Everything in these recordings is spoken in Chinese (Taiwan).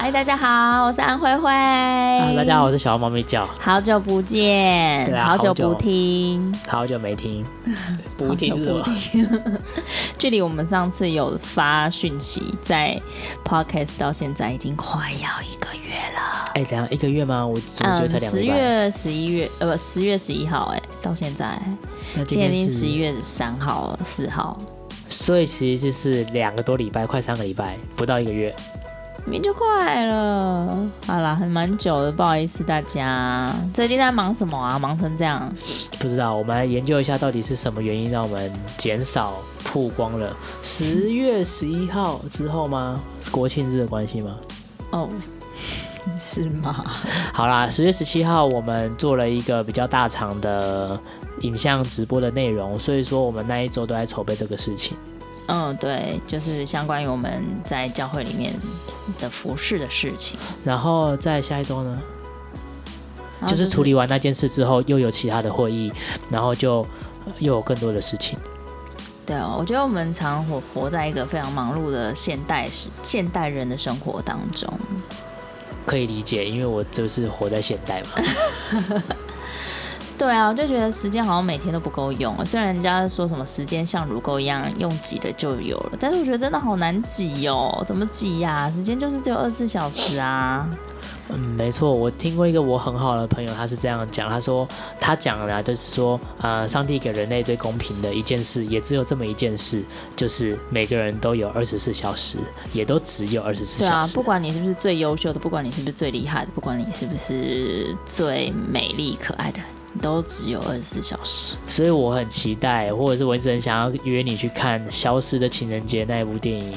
嗨，大家好，我是安慧慧、啊。大家好，我是小貓咪叫。好久不見、嗯啊好久，好久不聽，好久沒聽， 不聽是吧？ 距離我們上次有發訊息在 Podcast 到現在已經快要一個月了。哎、欸，怎樣一個月嗎？我才兩個、嗯、月。十月十一、呃、月呃不，十月十一號、欸，哎，到現在，今天是十一月三號四號，所以其實就是兩個多禮拜，快三個禮拜，不到一個月。明天就快了，好啦，還蠻久的，不好意思大家。最近在忙什麼啊？忙成這樣？不知道，我們來研究一下到底是什麼原因讓我們減少曝光了。十月十一號之後嗎？是國慶日的關係嗎？哦，oh，是嗎？好啦，十月十七號我們做了一個比較大場的影像直播的內容，所以說我們那一周都在籌備這個事情。嗯，對，就是相關於我們在教會裡面的服事的事情。然後在下一周呢，就是處理完那件事之後，就是，又有其他的會議，然後就又有更多的事情。對哦，我覺得我們常活活在一個非常忙碌的現代現代人的生活當中。可以理解，因為我就是活在現代嘛。 對啊，我就覺得時間好像每天都不夠用。雖然人家說什麼時間像乳溝一樣用擠的就有了，但是我覺得真的好難擠哦、喔！怎麼擠呀、啊？時間就是只有二十四小時啊。嗯，沒錯。我聽過一個我很好的朋友，他是這樣講，他說他講了，就是說，呃，上帝給人類最公平的一件事，也只有這麼一件事，就是每個人都有二十四小時，也都只有二十四小時、啊。不管你是不是最優秀的，不管你是不是最厲害的，不管你是不是最美麗可愛的。都只有二十四小時，所以我很期待，或者是我真的很想要約你去看《消失的情人節》那一部電影。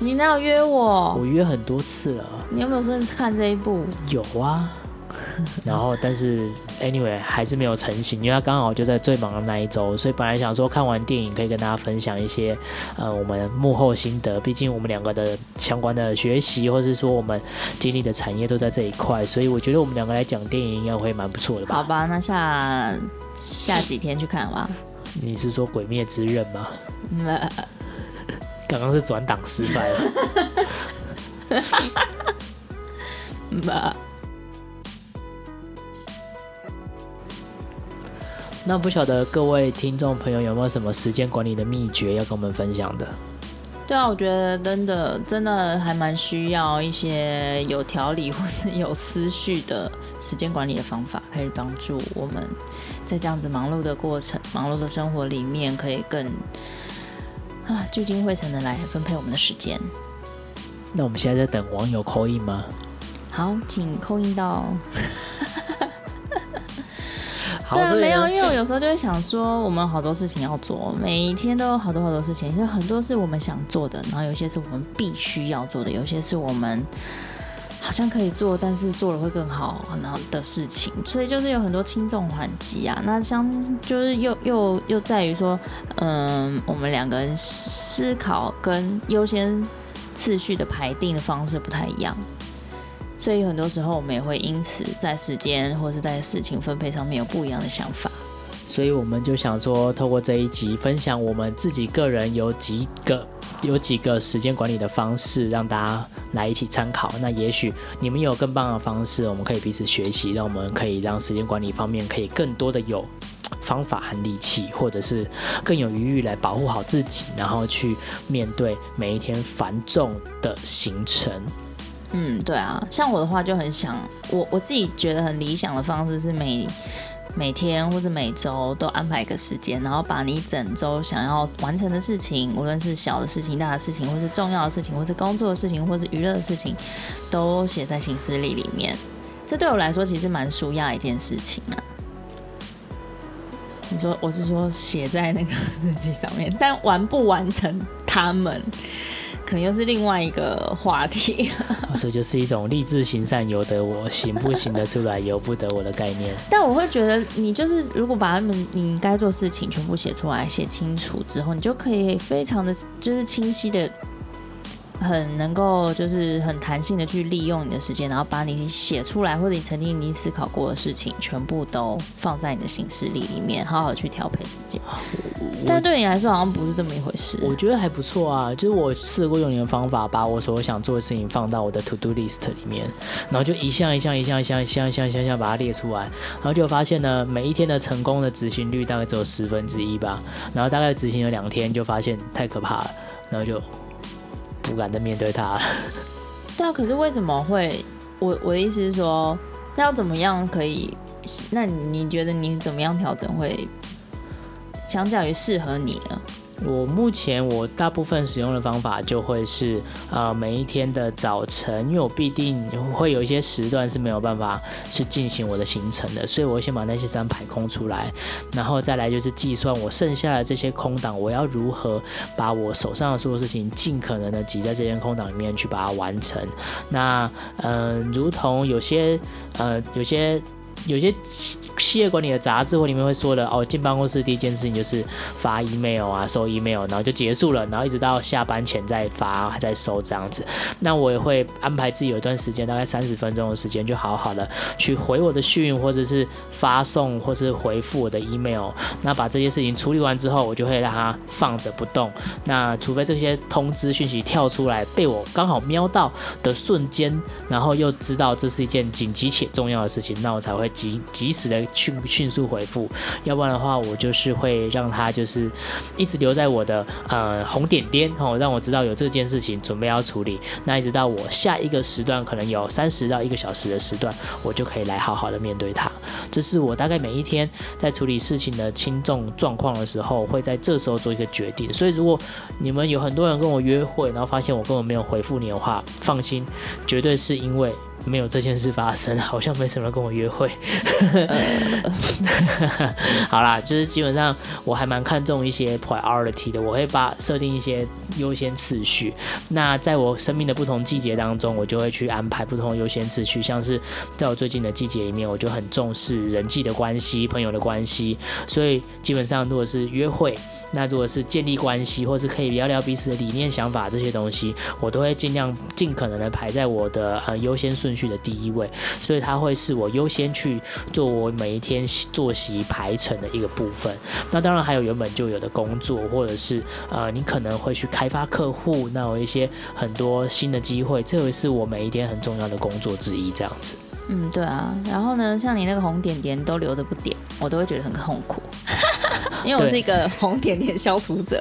你哪有約我？我約很多次了。你有沒有說你是看這一部？有啊。 然後，但是 anyway 還是沒有成型，因為他剛好就在最忙的那一周，所以本來想說看完電影可以跟大家分享一些，呃，我們幕後心得。畢竟我們兩個的相關的學習，或是說我們經歷的產業都在這一塊，所以我覺得我們兩個來講電影應該會蠻不錯的吧？好吧，那下下幾天去看吧。 你是說《鬼滅之刃》嗎？剛剛是轉檔失敗了。那我不曉得各位聽眾朋友有沒有什麼時間管理的秘訣要跟我們分享的？對啊，我覺得真的真的還蠻需要一些有條理或是有思緒的時間管理的方法，可以幫助我們在這樣子忙碌的過程、忙碌的生活裡面，可以更啊聚精會神的來分配我們的時間。那我們現在在等網友扣應嗎？好，請扣應到。 對，沒有用，因為我有時候就會想說，我們好多事情要做，每一天都有好多好多事情，就很多是我們想做的，然後有些是我們必須要做的，有些是我們好像可以做，但是做了會更好，然後的事情，所以就是有很多輕重緩急啊。那像就是又又又在於說，嗯，我們兩個人思考跟優先次序的排定的方式不太一樣。所以很多時候，我們也會因此在時間或是在事情分配上面有不一樣的想法。所以我們就想說，透過這一集分享我們自己個人有幾個、有幾個時間管理的方式，讓大家來一起參考。那也許你們有更棒的方式，我們可以彼此學習，讓我們可以讓時間管理方面可以更多的有方法和力氣，或者是更有餘裕來保護好自己，然後去面對每一天繁重的行程。嗯，對啊，像我的話就很想，我我自己覺得很理想的方式是每每天或是每週都安排一個時間，然後把你整週想要完成的事情，無論是小的事情、大的事情，或是重要的事情，或是工作的事情，或是娛樂的事情，都寫在行事曆裡面。這對我來說其實蠻舒壓一件事情啊。你說，我是說寫在那個日記上面，但完不完成他們？可能又是另外一個話題。哦，所以就是一種立志行善由得我，行不行得出來由不得我的概念 。但我會覺得，你就是如果把他們你該做的事情全部寫出來、寫清楚之後，你就可以非常的就是清晰的。很能夠就是很彈性的去利用你的時間，然後把你寫出來或者你曾經已經思考過的事情，全部都放在你的行事曆裡面，好好去調配時間。但對你來說好像不是這麼一回事啊。我覺得還不錯啊，就是我試過用你的方法，把我所想做的事情放到我的 To Do List 裡面，然後就一項一項一項一項一項一項項把它列出來，然後就發現呢，每一天的成功的執行率大概只有十分之一吧。然後大概執行了兩天，就發現太可怕了，然後就。不敢再面對他，對啊，可是為什麼會？我我的意思是說，那要怎麼樣可以？那你覺得你怎麼樣調整會，相較於適合你呢？我目前我大部分使用的方法就會是，呃，每一天的早晨，因為我必定會有一些時段是沒有辦法去進行我的行程的，所以我先把那些張排空出來，然後再來就是計算我剩下的這些空檔，我要如何把我手上的所有事情盡可能的擠在這間空檔裡面去把它完成。那，嗯、呃，如同有些，呃，有些。有些企業管理的雜誌或裡面會說的哦，進辦公室第一件事情就是發 email 啊，收 email，然後就結束了，然後一直到下班前再發還在收這樣子。那我也會安排自己有一段時間，大概三十分鐘的時間，就好好的去回我的訊或者是發送或者是回復我的 email。那把這些事情處理完之後，我就會讓它放着不動。那除非這些通知訊息跳出來被我剛好瞄到的瞬間，然後又知道這是一件緊急且重要的事情，那我才會。及及時的迅迅速回復，要不然的話，我就是會讓他就是一直留在我的呃紅點點哦，讓我知道有這件事情準備要處理。那一直到我下一個時段，可能有三十到一個小時的時段，我就可以來好好的面對他。這是我大概每一天在處理事情的輕重狀況的時候，會在這時候做一個決定。所以，如果你們有很多人跟我約會，然後發現我根本沒有回復你的話，放心，絕對是因為。沒有這件事發生，好像沒什麼人跟我約會。 呃、 好啦，就是基本上我還蠻看重一些 priority 的，我會把設定一些優先次序。那在我生命的不同季節當中，我就會去安排不同的優先次序。像是在我最近的季節裡面，我就很重視人際的關係、朋友的關係。所以基本上，如果是約會，那如果是建立關係，或是可以聊聊彼此的理念、想法這些東西，我都會盡量盡可能的排在我的呃優先順序。去的第一位，所以他會是我優先去做我每一天作息排程的一個部分。那當然還有原本就有的工作，或者是呃，你可能會去開發客戶，那有一些很多新的機會，這也是我每一天很重要的工作之一。這樣子，嗯，對啊。然後呢，像你那個紅點點都留的不點，我都會覺得很痛苦。 因為我是一個紅點點消除者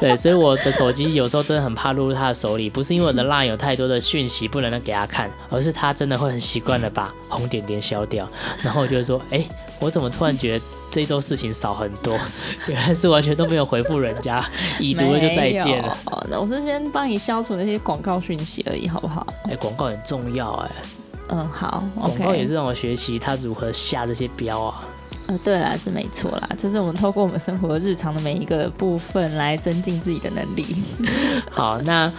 對。 對，所以我的手機有時候，真的很怕落入，入他的手裡。不是因為我的 LINE 有太多的訊息不能給他看，而是他真的會很習慣的把紅點點消掉。然後我就會說，哎、欸，我怎麼突然覺得這周事情少很多？原來是完全都沒有回覆人家，已讀了就再見了。哦，那我是先幫你消除那些廣告訊息而已，好不好？哎、欸，廣告很重要、欸，哎，嗯，好，okay、廣告也是讓我學習他如何下這些標啊。對啦，是沒錯啦，就是我們透過我們生活日常的每一個部分來增進自己的能力。 好，那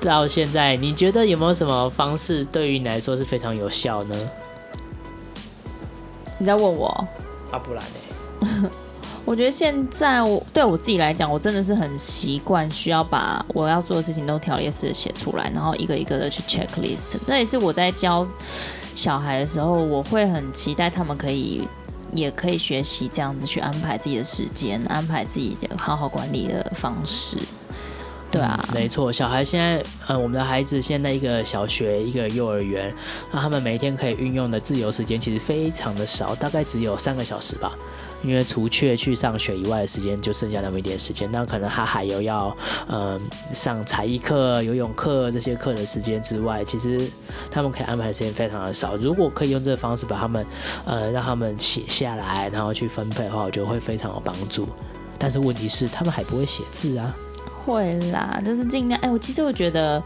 到現在你覺得有沒有什麼方式對於你來說是非常有效呢？你在問我？啊，不然呢、欸？ 我覺得現在我對我自己來講，我真的是很習慣需要把我要做的事情都條列式寫出來，然後一個一個的去 check list。那也是我在教小孩的時候，我會很期待他們可以。也可以學習這樣子去安排自己的時間，安排自己的好好管理的方式，對啊，嗯、沒錯。小孩現在，嗯、呃，我們的孩子現在一個小學，一個幼兒園，那他們每天可以運用的自由時間其實非常的少，大概只有三個小時吧。因為除卻去，去上學以外的時間，就剩下那麼一點時間。那可能他還有要，呃，上才藝課、游泳課這些課的時間之外，其實他們可以安排時間非常的少。如果可以用這個方式把他們，呃，讓他們寫下來，然後去分配的話，我覺得會非常有幫助。但是問題是，他們還不會寫字啊。會啦，就是盡量。哎、欸，我其實我覺得。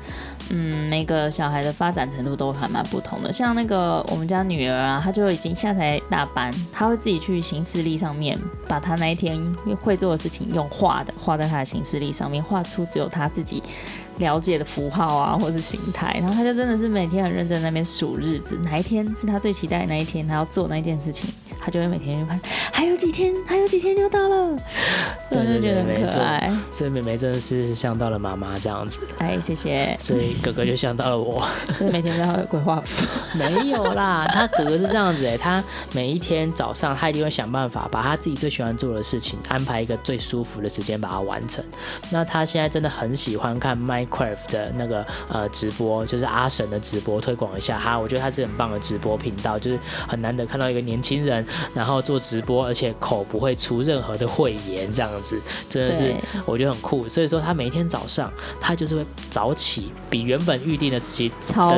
嗯，那個小孩的發展程度都還蠻不同的。像那個我們家女兒啊，她就已經下台大班，她會自己去行事曆上面，把她那一天會做的事情用畫的畫在她的行事曆上面，畫出只有她自己了解的符號啊，或者是形態。然後她就真的是每天很認真在那邊數日子，哪一天是她最期待的那一天，她要做那一件事情，她就會每天去看，還有幾天，還有幾天就到了，我就覺得很可愛。所以妹妹真的是像到了媽媽這樣子。哎，謝謝。所以。哥哥就想到了我，真的每天都要規劃。 沒有啦。他哥哥是這樣子哎、欸，他每一天早上他一定會想辦法把他自己最喜歡做的事情安排一個最舒服的時間，把它完成。那他現在真的很喜歡看 Minecraft 的那個呃直播，就是阿神的直播，推廣一下哈。我覺得他是很棒的直播頻道，就是很難得看到一個年輕人然後做直播，而且口不會出任何的穢言這樣子，真的是我覺得很酷。所以說他每一天早上他就是會早起比。原本預定的時的時間還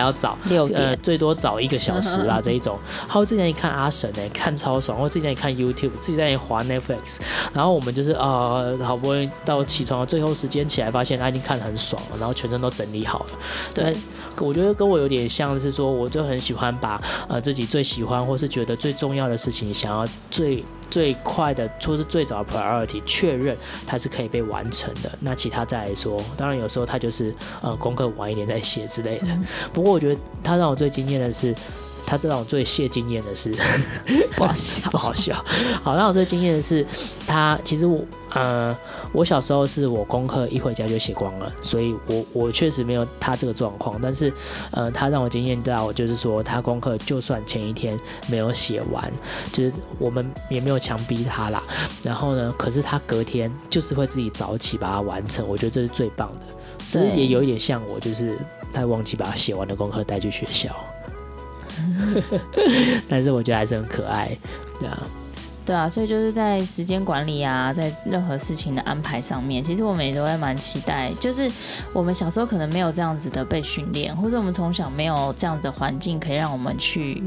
要早，早呃六點，最多早一個小時啦、嗯、這一種。然後之前也看阿神呢、欸，看超爽。我之前也看 YouTube，自己在那滑 Netflix。然後我們就是呃，好不容易到起床的最後時間起來，發現他已經看得很爽了，然後全身都整理好了，對。嗯我覺得跟我有點像是說，我就很喜歡把呃自己最喜歡或是覺得最重要的事情，想要最最快的或是最早的 priority 確認它是可以被完成的。那其他再來說，當然有時候它就是呃功課晚一點再寫之類的。嗯。不過我覺得他讓我最驚艷的是。他這讓我最謝驚艷的是， 不好笑， 不好笑。好，那我最驚艷的是，他其實我，呃，我小時候是我功課一回家就寫光了，所以我我確實沒有他這個狀況。但是，呃、他讓我驚艷到，就是說他功課就算前一天沒有寫完，就是我們也沒有強逼他啦。然後呢，可是他隔天就是會自己早起把它完成，我覺得這是最棒的。其實也有一點像我，就是太忘記把他寫完的功課帶去學校。 但是我覺得還是很可愛，對啊，對啊，所以就是在時間管理啊，在任何事情的安排上面，其實我們也都會蠻期待。就是我們小時候可能沒有這樣子的被訓練，或者我們從小沒有這樣的環境，可以讓我們去。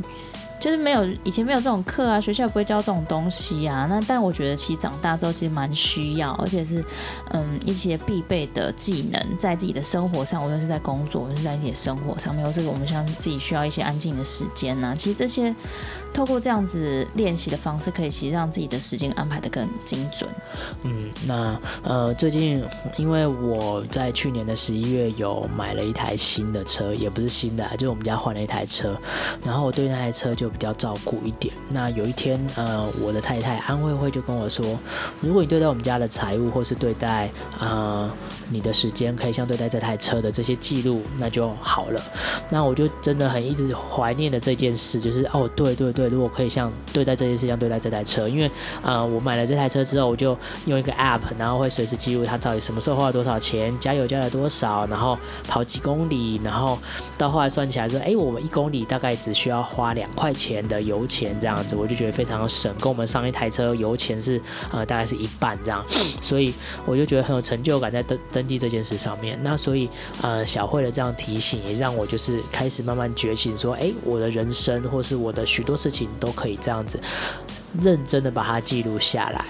就是沒有以前沒有這種課啊，學校也不會教這種東西啊。那但我覺得其實長大之後其實蠻需要，而且是嗯一些必備的技能，在自己的生活上，無論是在工作，還是在一些生活上沒有這個，我們像自己需要一些安靜的時間吶、啊。其實這些透過這樣子練習的方式，可以其實讓自己的時間安排得更精準。嗯，那呃最近因為我在去年的十一月有買了一台新的車，也不是新的、啊，就是我們家換了一台車，然後我對那台車就。會比較照顧一點。那有一天，呃，我的太太安慧慧就跟我說：“如果你對待我們家的財務，或是對待呃你的時間，可以像對待這台車的這些記錄，那就好了。”那我就真的很一直懷念的這件事，就是哦，對對對，如果可以像對待這件事，像對待這台車，因為呃，我買了這台車之後，我就用一個 App，然後會隨時記錄它到底什麼時候花了多少錢，加油加了多少，然後跑幾公里，然後到後來算起來說：“哎、欸，我們一公里大概只需要花兩塊。”錢的油錢這樣子，我就覺得非常省，跟我們上一台車油錢是呃大概是一半這樣，所以我就覺得很有成就感在登登記這件事上面。那所以呃小慧的這樣提醒也讓我就是開始慢慢覺醒，說誒我的人生或是我的許多事情都可以這樣子認真的把它記錄下來。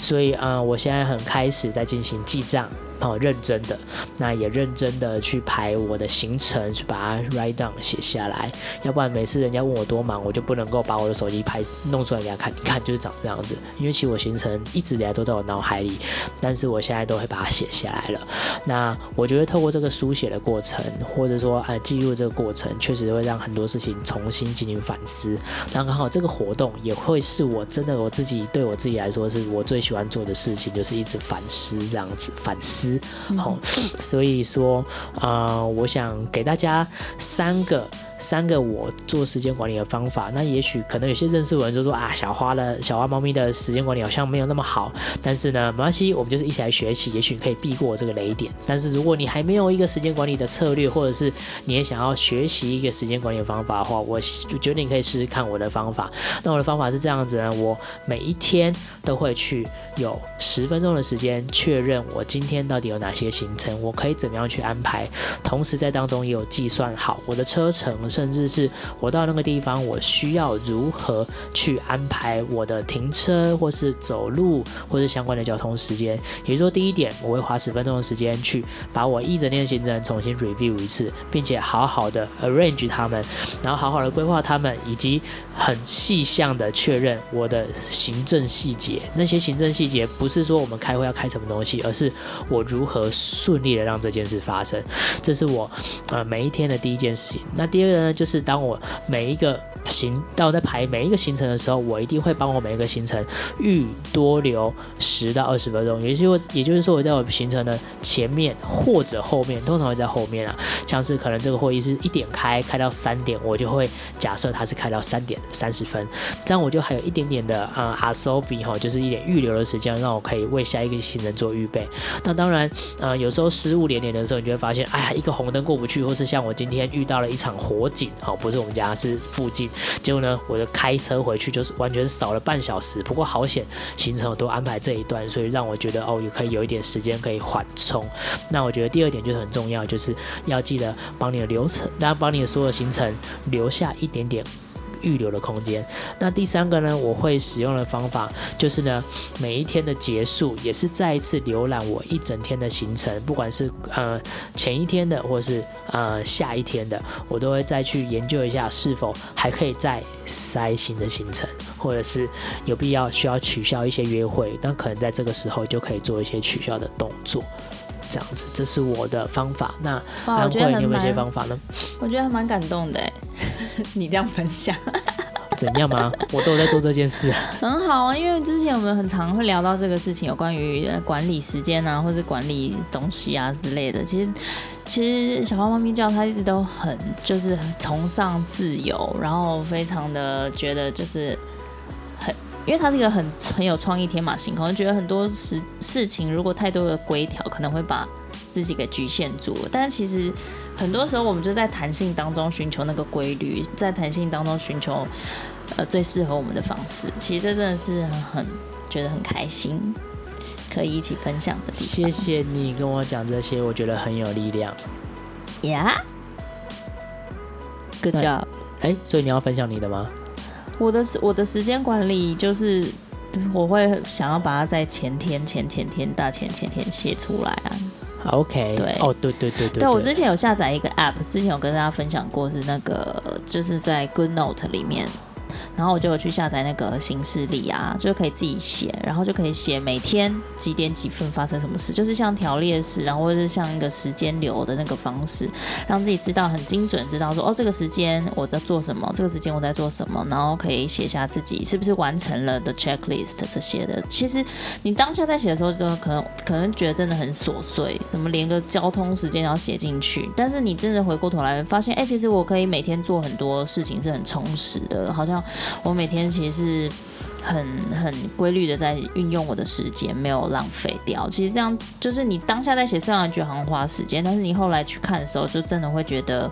所以啊、呃、我現在很開始在進行記賬。好認真的，那也認真的去排我的行程，去把它 write down 寫下來。要不然每次人家問我多忙，我就不能夠把我的手機拍，弄出來給他看，一看就是長這樣子。因為其實我行程一直以來都在我腦海裡，但是我現在都會把它寫下來了。那我覺得透過這個書寫的過程，或者說啊記錄這個過程，確實會讓很多事情重新進行反思。那剛好這個活動也會是我真的我自己對我自己來說是我最喜歡做的事情，就是一直反思這樣子，反思。好、嗯嗯，所以說，啊、呃，我想給大家三個。三個我做時間管理的方法，那也許可能有些認識我的人就說，說啊，小花的小花貓咪的時間管理好像沒有那麼好，但是呢，沒關係，我們就是一起來學習，也許你可以避過我這個雷點。但是如果你還沒有一個時間管理的策略，或者是你也想要學習一個時間管理的方法的話，我就覺得你可以試試看我的方法。那我的方法是這樣子呢，我每一天都會去有十分鐘的時間確認我今天到底有哪些行程，我可以怎麼樣去安排，同時在當中也有計算好我的車程。甚至是我到那個地方，我需要如何去安排我的停車，或是走路，或是相關的交通時間。也就是說，第一點，我會花十分鐘的時間去把我一整天的行程重新 review 一次，並且好好的 arrange 他們，然後好好的規劃他們，以及很細項的確認我的行政細節。那些行政細節不是說我們開會要開什麼東西，而是我如何順利的讓這件事發生。這是我呃每一天的第一件事情。那第二個。那就是當我每一個。行，到我在排每一個行程的時候，我一定會幫我每一個行程預多留十到二十分鐘。也就是我也就是說，我在我行程的前面或者後面，通常會在後面啊，像是可能這個會議是一點開開到三點，我就會假設它是開到三點三十分，這樣我就還有一點點的啊哈 Asobi 哈，就是一點預留的時間，讓我可以為下一個行程做預備。那當然，呃，有時候失誤連連的時候，你就會發現，哎呀，一個紅燈過不去，或是像我今天遇到了一場火警，哦、喔，不是我們家，是附近。結果呢，我就開車回去就是完全是少了半小時。不過好險，行程我都安排這一段，所以讓我覺得哦，也可以有一點時間可以緩衝。那我覺得第二點就是很重要，就是要記得幫你的流程，然後幫你的所有行程留下一點點預留的空間。那第三個呢？我會使用的方法就是呢，每一天的結束也是再一次瀏覽我一整天的行程，不管是呃前一天的，或是呃下一天的，我都會再去研究一下是否還可以再塞新的行程，或者是有必要需要取消一些約會，那可能在這個時候就可以做一些取消的動作。這樣子，這是我的方法。那安慧我覺得，你有沒有一些方法呢？我覺得還蠻感動的， 你這樣分享， 怎樣嗎？我都有在做這件事 很好啊。因為之前我們很常會聊到這個事情，有關於管理時間啊，或是管理東西啊之類的。其實，其實小花貓咪叫他一直都很就是很崇尚自由，然後非常的覺得就是。因為他是一個很很有創意、天馬行空，覺得很多事事情，如果太多的規條，可能會把自己給侷限住了。但是其實很多時候我們就在彈性當中尋求那個規律，在彈性當中尋求呃最適合我們的方式。其實這真的是很，很覺得很開心，可以一起分享的。謝謝你跟我講這些，我覺得很有力量。呀、Yeah，Good job！哎、欸，所以你要分享你的嗎？我的，我的時我的時間管理就是我會想要把它在前天、前前天、大前前天寫出來啊。OK，對，哦、oh，對對對對對。我之前有下載一個 App，之前有跟大家分享過，是那個就是在 Good Note 裡面。然後我就去下載那個行事曆啊，就可以自己寫，然後就可以寫每天幾點幾分發生什麼事，就是像條列式，然後或者是像一個時間流的那個方式，讓自己知道很精準，知道說哦這個時間我在做什麼，這個時間我在做什麼，然後可以寫下自己是不是完成了的 checklist 這些的。其實你當下在寫的時候，真的可能可能覺得真的很瑣碎，怎麼連個交通時間要寫進去？但是你真的回過頭來發現，哎、欸，其實我可以每天做很多事情，是很充實的，好像。我每天其實是很很規律的在運用我的時間，沒有浪費掉。其實這樣就是你當下在寫雖然覺得很花時間，但是你後來去看的時候，就真的會覺得，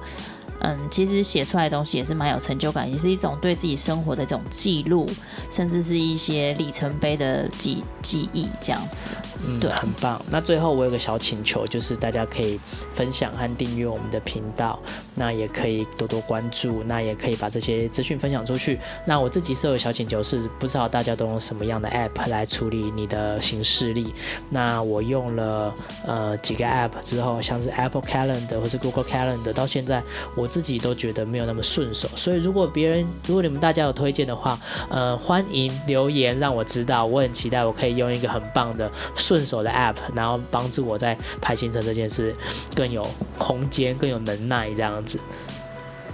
嗯，其實寫出來的東西也是蠻有成就感，也是一種對自己生活的一種記錄，甚至是一些里程碑的記。記憶這樣子，嗯，對，很棒。那最後我有個小請求，就是大家可以分享和訂閱我們的頻道，那也可以多多關注，那也可以把這些資訊分享出去。那我自己是有個小請求是，不知道大家都用什麼樣的 App 來處理你的行事曆？那我用了呃幾個 App 之後，像是 Apple Calendar 或是 Google Calendar，到現在我自己都覺得沒有那麼順手。所以如果別人，如果你們大家有推薦的話，呃，歡迎留言讓我知道。我很期待我可以。用一個很棒的順手的 App，然後幫助我在排行程這件事更有空間、更有能耐這樣子。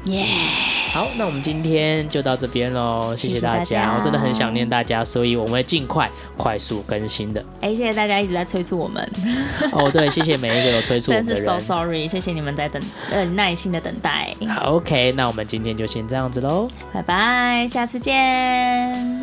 耶、yeah.！好，那我們今天就到這邊嘍，謝謝大家，我真的很想念大家，所以我們會盡快快速更新的。哎、欸，謝謝大家一直在催促我們。 哦，對，謝謝每一個有催促我們的人。真是 so sorry，謝謝你們在等、很耐心的等待。OK，那我們今天就先這樣子嘍，拜拜，下次見。